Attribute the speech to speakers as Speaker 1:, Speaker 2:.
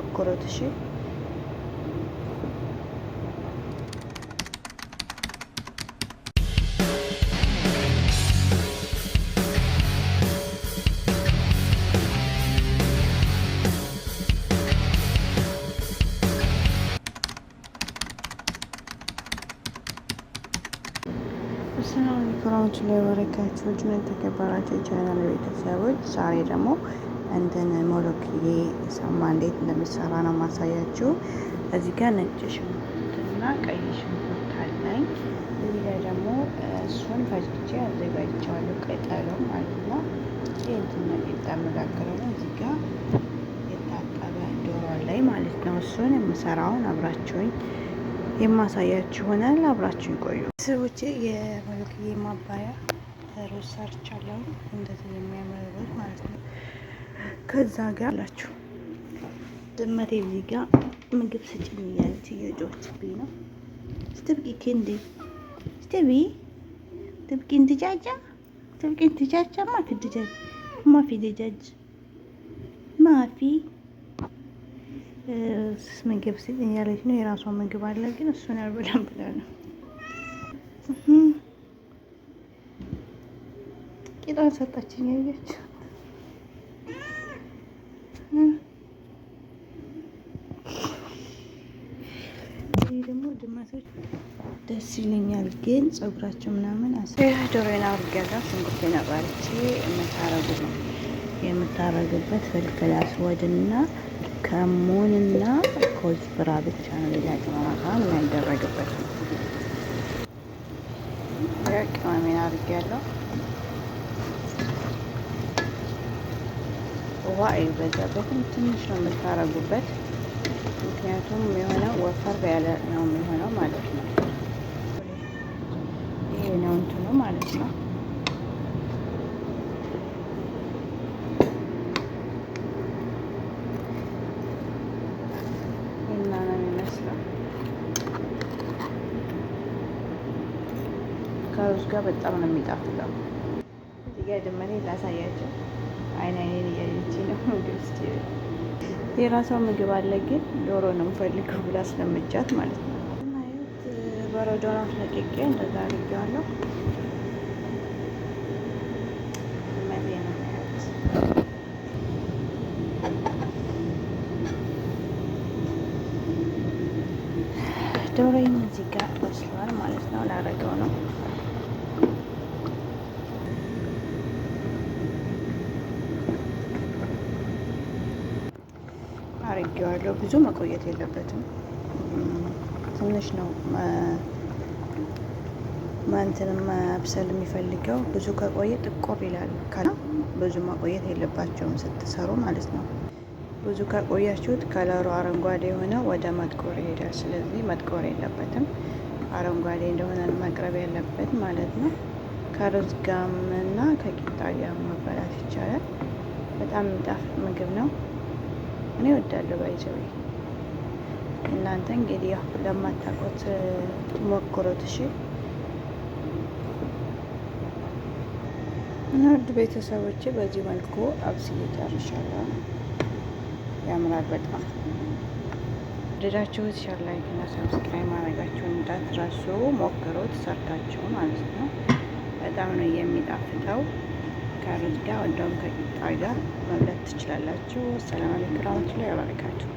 Speaker 1: блок коротший. ሰላም ክራውንች ላይ ወረቀት ልጅነት ተከበራቸው ቻናል ቤተሰቦች ዛሬ ደግሞ እንትን ሞሎኪሌ ሰማ እንዴት እንደሚሰራ ነው ማሳያችሁ። እዚህ ጋር ነጭ ሽንኩርት እና ቀይ ሽንኩርት አለኝ። እዚህ ጋር ደግሞ እሱን ፈጭቼ አዘጋጅቼዋለሁ። ቅጠሉ ማለት ነው። ይህ እንትን የጣመጋገረ ነው። እዚህ ጋር የታጠበ ዶሮ ላይ ማለት ነው። እሱን የምሰራውን አብራችሁኝ የማሳያችሁ ሆናል። አብራችሁ ይቆዩ ስቦቼ የሞሎኪሌ ማባያ ሩዝ ሰርቻለሁ። እንደዚህ የሚያምር ከዛ ጋር አላችሁ ድመቴ እዚህ ጋር ምግብ ስጭኝ እያለች እየጮችብኝ ነው። ስትብቂ ክንዲ ስትቢ ትብቂ እንትጃጃ ትብቂ እንትጃጃ ማፊ ድጃጅ ማፊ ድጃጅ ማፊ ምግብ ስጭኝ እያለች ነው። የራሷ ምግብ አለ ግን እሱን ያልበላም ብላ ነው ቂጣን ሰጣችኝ ያየች ይህ ደግሞ ድመቶች ደስ ይለኛል፣ ግን ፀጉራቸው ምናምን ዶሮና አርጋዛ ሽንኩርቴን አባርቼ የምታረጉ ነው የምታረግበት ፍልፍል አስወድና ከሙንና ኮዝብራ ብቻ ነው። ሌላ ቅመማ የማይደረግበት ነው። ቅመሜን አርግ ውሃ አይበዛበትም። ትንሽ ነው የምታረጉበት፣ ምክንያቱም የሆነ ወፈር ያለ ነው የሚሆነው ማለት ነው። ይሄ ነው እንትኑ ማለት ነው። ከሩዝ ጋር በጣም ነው የሚጣፍጠው። እዚህ ጋር ድመኔ ላሳያቸው አይን አይን እያየች ነው ምግብ ስ የራሷ ምግብ አለ ግን ዶሮ ነው የምፈልገው ብላ ስለምጃት ማለት ነው። ማየት በረዶን አስለቅቄ እንደዛ አድርጌዋለሁ። ዶሮዬም እዚህ ጋር በስሏል ማለት ነው። ላረገው ነው አድርጌዋለሁ። ብዙ መቆየት የለበትም። ትንሽ ነው ማንትን መብሰል የሚፈልገው። ብዙ ከቆየ ጥቆር ይላል። ከላ ብዙ መቆየት የለባቸውም ስትሰሩ ማለት ነው። ብዙ ከቆያችሁት ከለሩ አረንጓዴ የሆነ ወደ መጥቆር ይሄዳል። ስለዚህ መጥቆር የለበትም። አረንጓዴ እንደሆነ መቅረብ ያለበት ማለት ነው። ከሩዝ ጋምና ከቂጣ ጋር መበላት ይቻላል። በጣም የሚጣፍጥ ምግብ ነው። እኔ እወዳለሁ። ባይዘዊ እናንተ እንግዲህ ያው ለማታውቁት ትሞክሩት። እሺ ውድ ቤተሰቦቼ በዚህ መልኩ አብስዬ ጨርሻለሁ። ያምራል በጣም ድዳችሁት ሻር ላይክ እና ሰብስክራይብ ማድረጋችሁን እንዳትረሱ። ሞክሩት ሰርታችሁ ማለት ነው። በጣም ነው የሚጣፍጠው። ከአብድ ጋር ወይም ከቂጣ ጋር መብላት ትችላላችሁ። ሰላም አለይኩም ወራህመቱላሂ ወበረካቱሁ።